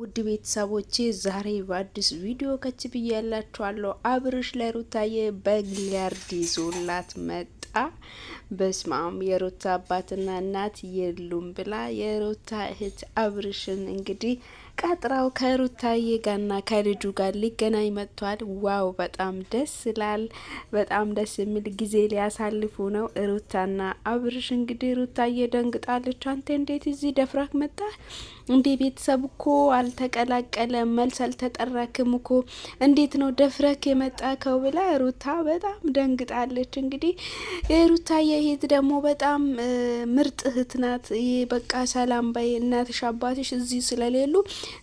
ውድ ቤተሰቦቼ ዛሬ በአዲስ ቪዲዮ ከች ብያላችኋለሁ። አብርሽ ለሩታዬ በግ ይዞላት መጣ። በስማም የሩታ አባትና እናት የሉም ብላ የሩታ እህት አብርሽን እንግዲህ ቀጥራው ከሩታዬ ጋርና ከልጁ ጋር ሊገናኝ መጥቷል። ዋው በጣም ደስ ይላል። በጣም ደስ የሚል ጊዜ ሊያሳልፉ ነው ሩታና አብርሽ። እንግዲህ ሩታዬ ደንግጣለች። አንተ እንዴት እዚህ ደፍራክ መጣ እንዴ? ቤተሰብ እኮ አልተቀላቀለም፣ መልስ አልተጠራክም እኮ እንዴት ነው ደፍረክ የመጣከው? ብላ ሩታ በጣም ደንግጣለች። እንግዲህ ሩታዬ እህት ደግሞ በጣም ምርጥ እህት ናት። በቃ ሰላም ባይ እናትሽ አባትሽ እዚህ ስለሌሉ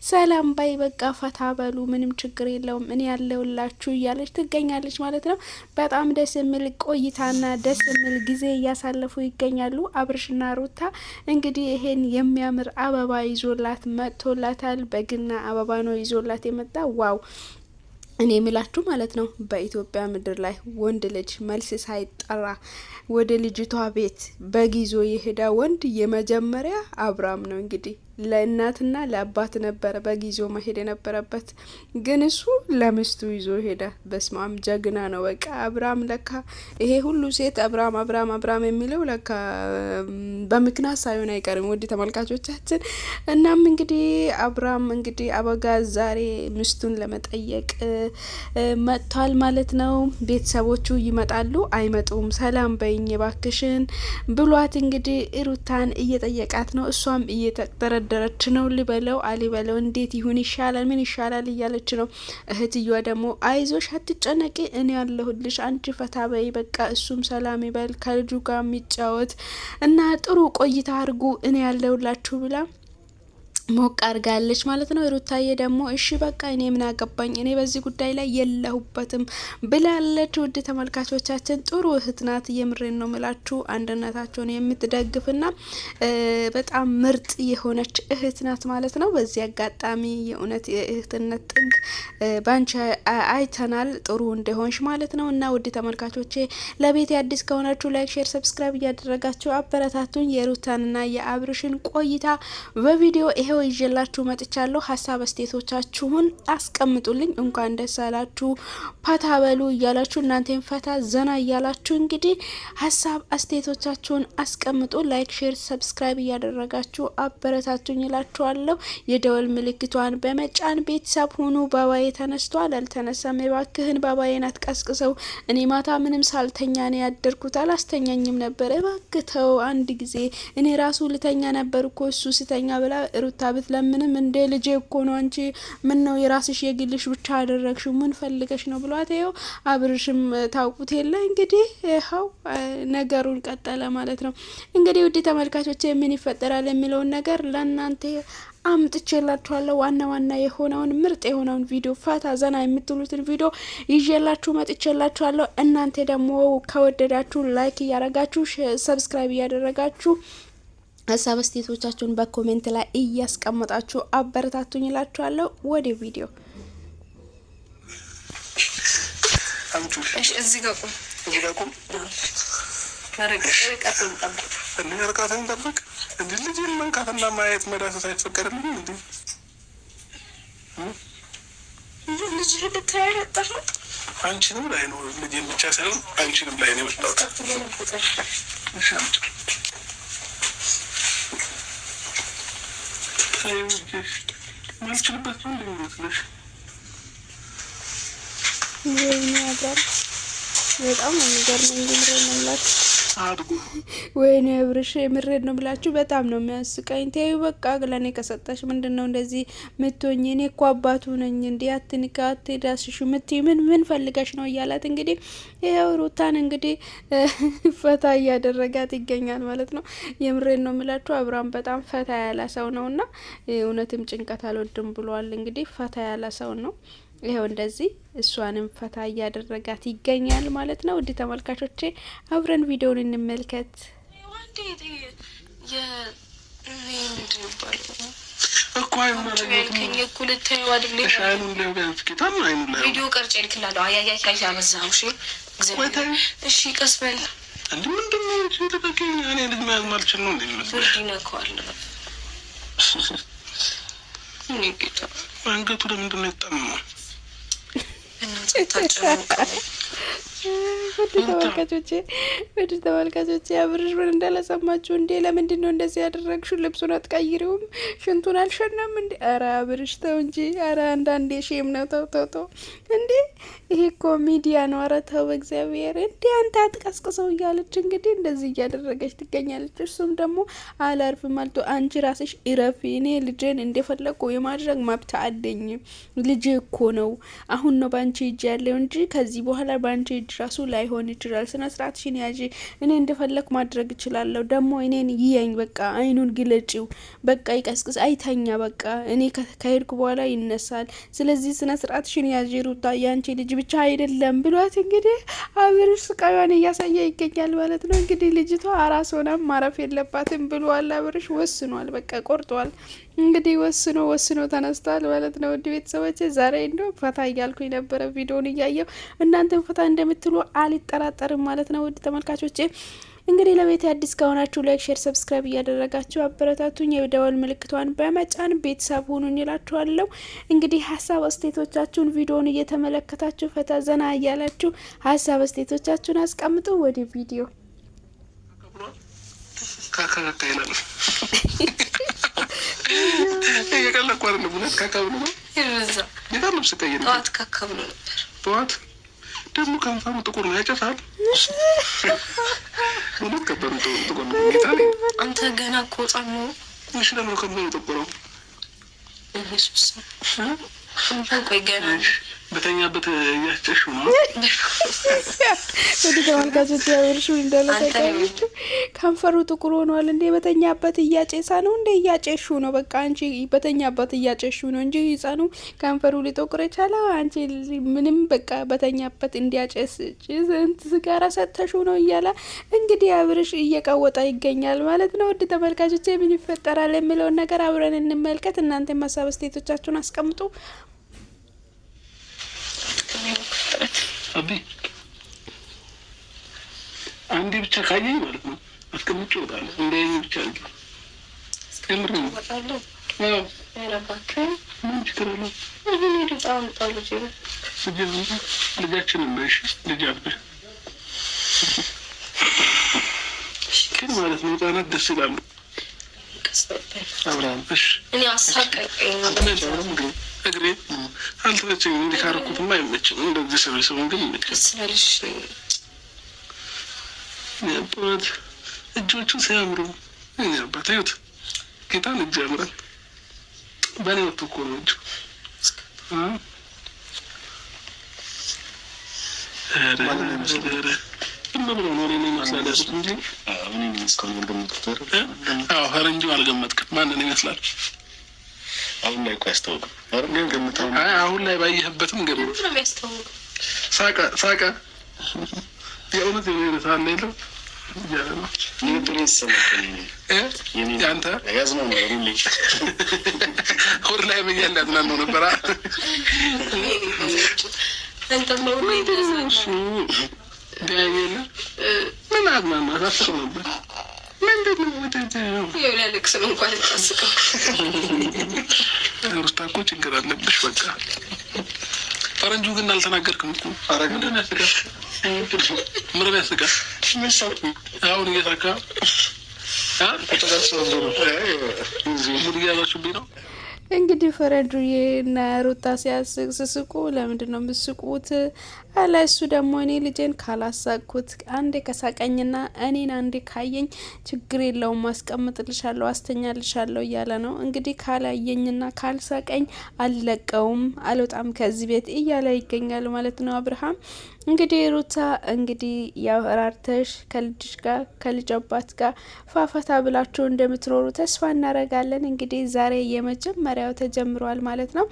ሰላም ባይ በቃ ፈታ በሉ ምንም ችግር የለውም እኔ ያለውላችሁ እያለች ትገኛለች ማለት ነው። በጣም ደስ የሚል ቆይታና ደስ የሚል ጊዜ እያሳለፉ ይገኛሉ። አብርሽና ሩታ እንግዲህ ይሄን የሚያምር አበባ ይዞላት መጥቶላታል። በግና አበባ ነው ይዞላት የመጣ ዋው እኔ የምላችሁ ማለት ነው በኢትዮጵያ ምድር ላይ ወንድ ልጅ መልስ ሳይጠራ ወደ ልጅቷ ቤት በጊዞ የሄዳ ወንድ የመጀመሪያ አብርሃም ነው እንግዲህ ለእናትና ለአባት ነበረ በጊዜው መሄድ የነበረበት፣ ግን እሱ ለምስቱ ይዞ ሄደ። በስማም ጀግና ነው። በቃ አብርሃም ለካ ይሄ ሁሉ ሴት አብርሃም አብርሃም አብርሃም የሚለው ለካ በምክንያት ሳይሆን አይቀርም። ውድ ተመልካቾቻችን፣ እናም እንግዲህ አብርሃም እንግዲህ አበጋዝ ዛሬ ምስቱን ለመጠየቅ መጥቷል ማለት ነው። ቤተሰቦቹ ይመጣሉ አይመጡም፣ ሰላም በይኝ ባክሽን ብሏት እንግዲህ ሩታን እየጠየቃት ነው። እሷም እየተደረ እየተደራደረች ነው። ልበለው አልበለው እንዴት ይሁን ይሻላል፣ ምን ይሻላል እያለች ነው። እህትዮዋ ደግሞ አይዞሽ፣ አትጨነቂ፣ እኔ ያለሁልሽ፣ አንቺ ፈታ በይ፣ በቃ እሱም ሰላም ይበል፣ ከልጁ ጋር የሚጫወት እና ጥሩ ቆይታ አርጉ እኔ ያለሁላችሁ ብላ ሞቅ አድርጋለች ማለት ነው። ሩታዬ ደግሞ እሺ በቃ እኔ ምን አገባኝ እኔ በዚህ ጉዳይ ላይ የለሁበትም ብላለች። ውድ ተመልካቾቻችን ጥሩ እህት ናት። የምሬን ነው ምላችሁ አንድነታቸውን የምትደግፍና በጣም ምርጥ የሆነች እህት ናት ማለት ነው። በዚህ አጋጣሚ የእውነት የእህትነት ጥግ ባንቺ አይተናል ጥሩ እንደሆንሽ ማለት ነው። እና ውድ ተመልካቾቼ ለቤት አዲስ ከሆናችሁ ላይክ፣ ሼር፣ ሰብስክራይብ እያደረጋችሁ አበረታቱን። የሩታንና የአብርሽን ቆይታ በቪዲዮ ይሄው ቪዲዮ ይዤላችሁ መጥቻለሁ። ሀሳብ አስተያየቶቻችሁን አስቀምጡልኝ። እንኳን ደስ አላችሁ ፓታ በሉ እያላችሁ እናንተን ፈታ ዘና እያላችሁ እንግዲህ ሀሳብ አስተያየቶቻችሁን አስቀምጡ። ላይክ፣ ሼር፣ ሰብስክራይብ እያደረጋችሁ አበረታቱኝ ይላችኋለሁ። የደወል ምልክቷን በመጫን ቤተሰብ ሁኑ። ባባዬ ተነስቷል። አልተነሳም እባክህን ባባዬን አትቀስቅሰው። እኔ ማታ ምንም ሳልተኛ ነው ያደርኩት። አላስተኛኝም ነበር። እባክተው አንድ ጊዜ እኔ ራሱ ልተኛ ነበር እኮ እሱ ስተኛ ብላ ሩታ ብትለምንም እንደ ልጄ እኮ ነው አንቺ ምን ነው የራስሽ የግልሽ ብቻ አደረግሽው ምን ፈልገሽ ነው ብሏት፣ ይኸው አብርሽም ታውቁት የለ እንግዲህ ይኸው ነገሩን ቀጠለ ማለት ነው። እንግዲህ ውድ ተመልካቾች ምን ይፈጠራል የሚለውን ነገር ለእናንተ አምጥቼላችኋለሁ ዋና ዋና የሆነውን ምርጥ የሆነውን ቪዲዮ ፈታ ዘና የምትሉትን ቪዲዮ ይዤላችሁ መጥቼላችኋለሁ። እናንተ ደግሞ ከወደዳችሁ ላይክ እያረጋችሁ ሰብስክራይብ እያደረጋችሁ ሀሳብ አስተያየቶቻችሁን በኮሜንት ላይ እያስቀመጣችሁ አበረታቱኝ እላችኋለሁ። ወደ ቪዲዮ ማየት መዳሰስ አይፈቀድልም። አንቺንም ላይ ነው ልጅን ብቻ ሳይሆን አንቺንም ላይ ነው የመጣሁት ማልችልበት ነው በጣም ነው የሚገርመው እንዲምሮ ወይኔ አብርሽ የምሬድ ነው ብላችሁ በጣም ነው የሚያስቀኝ። ተዩ በቃ ለእኔ ከሰጠሽ ምንድን ነው እንደዚህ ምትሆኝ? እኔ እኮ አባቱ ነኝ። እንዲ አትንካ፣ አትዳስሹ ምት ምን ምን ፈልገሽ ነው እያላት እንግዲህ ይኸው ሩታን እንግዲህ ፈታ እያደረጋት ይገኛል ማለት ነው። የምሬድ ነው የሚላችሁ አብርሃም በጣም ፈታ ያለ ሰው ነው እና እውነትም ጭንቀት አልወድም ብሏል። እንግዲህ ፈታ ያለ ሰው ነው። ይኸው እንደዚህ እሷንም ፈታ እያደረጋት ይገኛል ማለት ነው። ውድ ተመልካቾቼ አብረን ቪዲዮውን እንመልከት። ቪዲዮ ቀርጬ ልክላለሁ። አያያያ በዛው እሺ፣ ቀስ በል አንገቱ ለምንድን ነው የጠማው? ተመልካቾቼ ውድ ተመልካቾቼ አብርሽ ምን እንዳለሰማችሁ እንዴ! ለምንድን ነው እንደዚህ ያደረግሽው? ልብሱን አትቀይሪውም? ሽንቱን አልሸናም እንዴ? ኧረ አብርሽ ተው እንጂ! ኧረ አንዳንዴ ሼም ነው። ተው ተው ተው እንዴ! ይሄ እኮ ሚዲያ ነው። ኧረ ተው በእግዚአብሔር እንዲህ አንተ አትቀስቅሰው እያለች እንግዲህ እንደዚህ እያደረገች ትገኛለች። እርሱም ደግሞ አላርፍ ማልቶ አንቺ ራስሽ እረፊ፣ እኔ ልጄን እንደፈለግኩ የማድረግ መብት አለኝ። ልጄ እኮ ነው፣ አሁን ነው በአንቺ እጅ ያለው እንጂ ከዚህ በኋላ በአንቺ እጅ ራሱ ላይሆን ይችላል። ስነ ስርዓትሽን ያዥ፣ እኔ እንደፈለግኩ ማድረግ እችላለሁ። ደግሞ እኔን ይያኝ፣ በቃ አይኑን ግለጪው፣ በቃ ይቀስቅስ፣ አይተኛ፣ በቃ እኔ ከሄድኩ በኋላ ይነሳል። ስለዚህ ስነ ስርዓትሽን ያዥ ሩታ፣ ያንቺ ልጅ ብቻ አይደለም ብሏት እንግዲህ አብርሽ ስቃዩን እያሳየ ይገኛል ማለት ነው። እንግዲህ ልጅቷ አራስ ሆናም ማረፍ የለባትም ብሏል አብርሽ ወስኗል። በቃ ቆርጧል። እንግዲህ ወስኖ ወስኖ ተነስቷል ማለት ነው። ውድ ቤተሰቦች ዛሬ እንደ ፈታ እያልኩ የነበረ ቪዲዮን እያየው እናንተን ፈታ እንደምትሉ አልጠራጠርም ማለት ነው። ውድ ተመልካቾቼ እንግዲህ ለቤት አዲስ ከሆናችሁ ላይክ፣ ሼር፣ ሰብስክራይብ እያደረጋችሁ አበረታቱኝ። የደወል ምልክቷን በመጫን ቤተሰብ ሁኑ እንላችኋለሁ። እንግዲህ ሀሳብ አስተያየቶቻችሁን ቪዲዮውን እየተመለከታችሁ ፈታ ዘና እያላችሁ ሀሳብ አስተያየቶቻችሁን አስቀምጡ። ወደ ቪዲዮ እየቀለኳር ደግሞ ከንፈሩ ጥቁር ነው ያጨሳል። ከበሩ አንተ ገና እኮ ህጻን ነው። ለምን ከበሩ ጥቁር ኢየሱስ ቆይ ገና በተኛበት እያጨሹ ነው። ወደ ተመልካቾች ያበርሹ እንዳለሳቃችሁ ከንፈሩ ጥቁር ሆኗል እንዴ? በተኛበት እያጨሳ ነው እንዴ? እያጨሹ ነው። በቃ አንቺ በተኛበት እያጨሹ ነው እንጂ ህፃኑ ከንፈሩ ሊጠቁር የቻለ አንቺ ምንም በቃ በተኛበት እንዲያጨስ ጭስንት ስጋራ ሰተሹ ነው እያለ እንግዲህ አብርሽ እየቀወጠ ይገኛል ማለት ነው። ውድ ተመልካቾች ምን ይፈጠራል የሚለውን ነገር አብረን እንመልከት። እናንተ ማሳብ ስቴቶቻችሁን አስቀምጡ። ሰዓት አንዴ ብቻ ካየኝ ማለት ነው አስቀምጬ እወጣለሁ። እንዳያኝ ብቻ አድርጌ እስከምር ነው ምን ነሽ ልጅ አልብሽ ግን ማለት ነው ህጻናት ደስ ይላሉ። አብርሃም እሺ እግሬ አልተመቸኝ። እንዲህ ካረኩትማ አይመችም። እንደዚህ ስብስብ ግን ይመችበት። እጆቹ ሲያምሩ ኛበት ዩት ጌታን እጅ ያምራል። በእኔ ወጥቶ እኮ ነው እጁ። ፈረንጁ አልገመጥክም? ማንን ይመስላል? አሁን ላይ እኮ ያስታውቅም። ግን ገምተው አሁን ላይ ባየህበትም ገምተው ሳቀ ሳቀ የእውነት የሆነ ሳለ የለው እያለ ነው ያንተ ሁር ላይ በያለ ያዝናናው ነበር። ምን አዝናና ሳስብ ነበር ምንድነው ወተት ነው? ለልቅስም እንኳን ታስቀው ሩስታ እኮ ችግር አለብሽ። በቃ ፈረንጁ ግን አልተናገርክም እኮ ምንድን ነው ያስቃል? ምንድን ነው ያስቃል? አሁን እየሳካ ሙድ እያዛችሁብኝ ነው እንግዲህ ፈረዱዬ እና ሩታ ሲያስቅ ስስቁ፣ ለምንድን ነው ምስቁት? አለ እሱ ደግሞ እኔ ልጄን ካላሳቅኩት አንዴ ከሳቀኝና እኔን አንዴ ካየኝ ችግር የለውም አስቀምጥልሻለሁ፣ አስተኛልሻለሁ እያለ ነው እንግዲህ። ካላየኝና ካልሳቀኝ አልለቀውም፣ አልወጣም ከዚህ ቤት እያለ ይገኛል ማለት ነው አብርሃም። እንግዲህ ሩታ እንግዲህ ያራርተሽ ከልጅሽ ጋር ከልጅ አባት ጋር ፋፋታ ብላችሁ እንደምትኖሩ ተስፋ እናረጋለን። እንግዲህ ዛሬ የመጀመሪያ ማዳበሪያው ተጀምሯል ማለት ነው።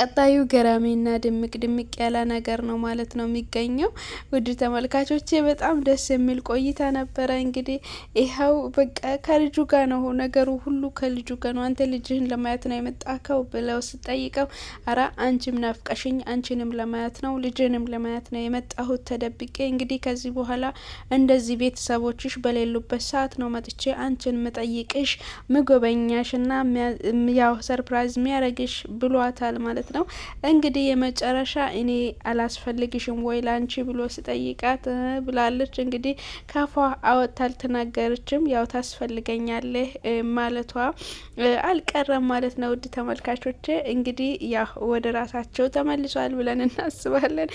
ቀጣዩ ገራሚና ድምቅ ድምቅ ያለ ነገር ነው ማለት ነው የሚገኘው። ውድ ተመልካቾቼ በጣም ደስ የሚል ቆይታ ነበረ። እንግዲህ ይኸው በቃ ከልጁ ጋር ነው ነገሩ ሁሉ ከልጁ ጋር ነው። አንተ ልጅህን ለማየት ነው የመጣከው ብለው ስጠይቀው፣ አራ አንቺም ናፍቀሽኝ፣ አንቺንም ለማየት ነው ልጅንም ለማየት ነው የመጣሁት ተደብቄ። እንግዲህ ከዚህ በኋላ እንደዚህ ቤተሰቦችሽ በሌሉበት ሰዓት ነው መጥቼ አንቺን ምጠይቅሽ ምጎበኛሽ ና ያው ሰርፕራይዝ የሚያረግሽ ብሏታል ማለት ማለት ነው። እንግዲህ የመጨረሻ እኔ አላስፈልግሽም ወይ ላንቺ ብሎ ስጠይቃት ብላለች። እንግዲህ ካፏ አወጥታ አልተናገረችም። ያው ታስፈልገኛለህ ማለቷ አልቀረም ማለት ነው። ውድ ተመልካቾች እንግዲህ ያው ወደ ራሳቸው ተመልሷል ብለን እናስባለን።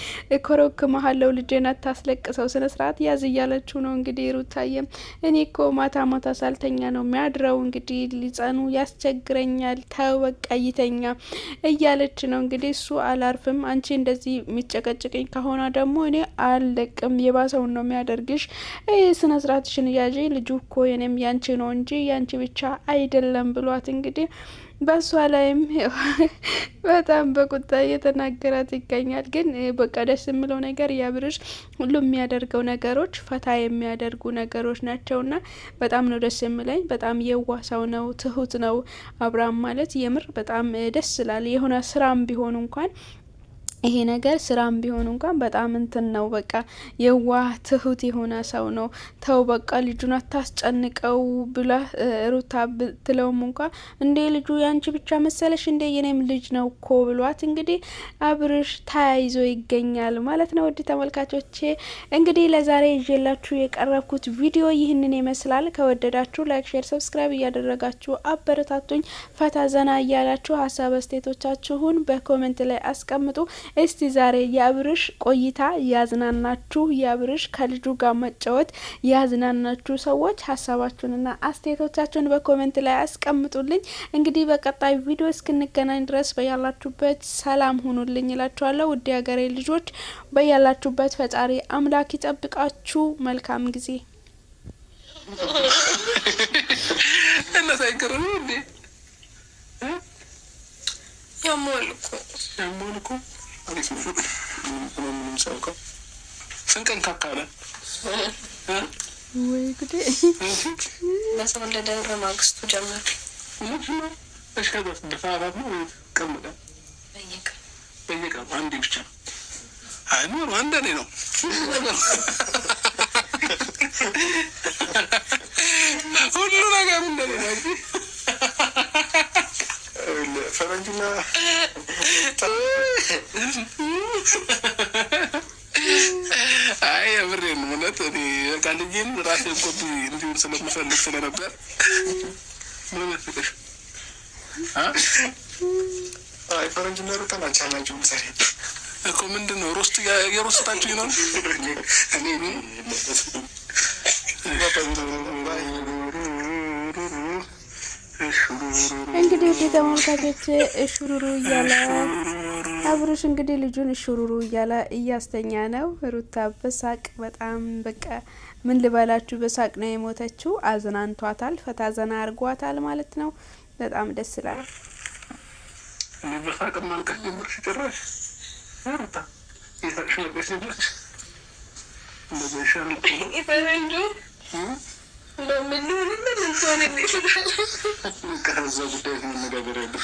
ኮረክ መሀለው ልጄን አታስለቅሰው፣ ስነ ስርዓት ያዝ እያለችው ነው እንግዲህ ሩታየም እኔ እኮ ማታ ማታ ሳልተኛ ነው የሚያድረው እንግዲህ ሊጸኑ ያስቸግረኛል፣ ተው በቃ ይተኛ እያለ እያለች ነው እንግዲህ። እሱ አላርፍም፣ አንቺ እንደዚህ የሚጨቀጭቅኝ ከሆነ ደግሞ እኔ አልለቅም፣ የባሰውን ነው የሚያደርግሽ። ስነ ስርዓትሽን እያዥ ልጁ እኮ የኔም ያንቺ ነው እንጂ ያንቺ ብቻ አይደለም ብሏት እንግዲህ በእሷ ላይም በጣም በቁጣ እየተናገራት ይገኛል። ግን በቃ ደስ የምለው ነገር ያብርሽ ሁሉም የሚያደርገው ነገሮች ፈታ የሚያደርጉ ነገሮች ናቸውና በጣም ነው ደስ የምለኝ። በጣም የዋሳው ነው፣ ትሁት ነው አብርሃም ማለት የምር በጣም ደስ ይላል። የሆነ ስራም ቢሆኑ እንኳን ይሄ ነገር ስራም ቢሆን እንኳን በጣም እንትን ነው። በቃ የዋህ ትሁት የሆነ ሰው ነው። ተው በቃ ልጁን አታስጨንቀው ብላ ሩታ ብትለውም እንኳን እንዴ ልጁ ያንቺ ብቻ መሰለሽ እንዴ የኔም ልጅ ነው እኮ ብሏት እንግዲህ አብርሽ ተያይዞ ይገኛል ማለት ነው። ውድ ተመልካቾቼ እንግዲህ ለዛሬ ይዤላችሁ የቀረብኩት ቪዲዮ ይህንን ይመስላል። ከወደዳችሁ ላይክ፣ ሼር፣ ሰብስክራይብ እያደረጋችሁ አበረታቱኝ። ፈታ ዘና እያላችሁ ሀሳብ አስተያየቶቻችሁን በኮሜንት ላይ አስቀምጡ። እስቲ ዛሬ የአብርሽ ቆይታ ያዝናናችሁ፣ የአብርሽ ከልጁ ጋር መጫወት ያዝናናችሁ ሰዎች ሀሳባችሁንና አስተያየቶቻችሁን በኮሜንት ላይ አስቀምጡልኝ። እንግዲህ በቀጣይ ቪዲዮ እስክንገናኝ ድረስ በያላችሁበት ሰላም ሁኑልኝ ይላችኋለሁ። ውድ ሀገሬ ልጆች በያላችሁበት ፈጣሪ አምላክ ይጠብቃችሁ። መልካም ጊዜ እነሳይክሩ አሪፍ ነው። ምንም ሳውቀው ስንቀን ካካለ ወይ ጉዴ ለሰው ማግስቱ ጀመር ተሸበት ደፋ አራት ነው ይቀመጣል። በየቀኑ አንዴ ብቻ አይኖር አንዳንዴ ነው ሁሉ ነገር እንደኔ ነው። ፈረንጅና አይ የምሬን እውነት እኔ ቃልዬን ራሴን ቆብ እንዲሁም ስለምፈልግ ስለነበር አይ ፈረንጅና ሩታ ናቸው ናቸው ምሳሌ እኮ ምንድን ነው ሮስት የሮስታችሁ ነው እንግዲህ ውድ ተመልካቾች እሹሩሩ እያለ አብሮሽ እንግዲህ ልጁን እሹሩሩ እያለ እያስተኛ ነው። ሩታ በሳቅ በጣም በቃ ምን ልበላችሁ በሳቅ ነው የሞተችው። አዝናንቷታል፣ ፈታ ዘና አርጓታል ማለት ነው። በጣም ደስ ይላል። በሳቅ ማልቀስ ጀምርሽ ጭራሽ ሩታ የሳቅሽ መልቀስ ጀምርሽ እንደዚያ ይሻል ከዛ ጉዳይ እንነጋገር ያለ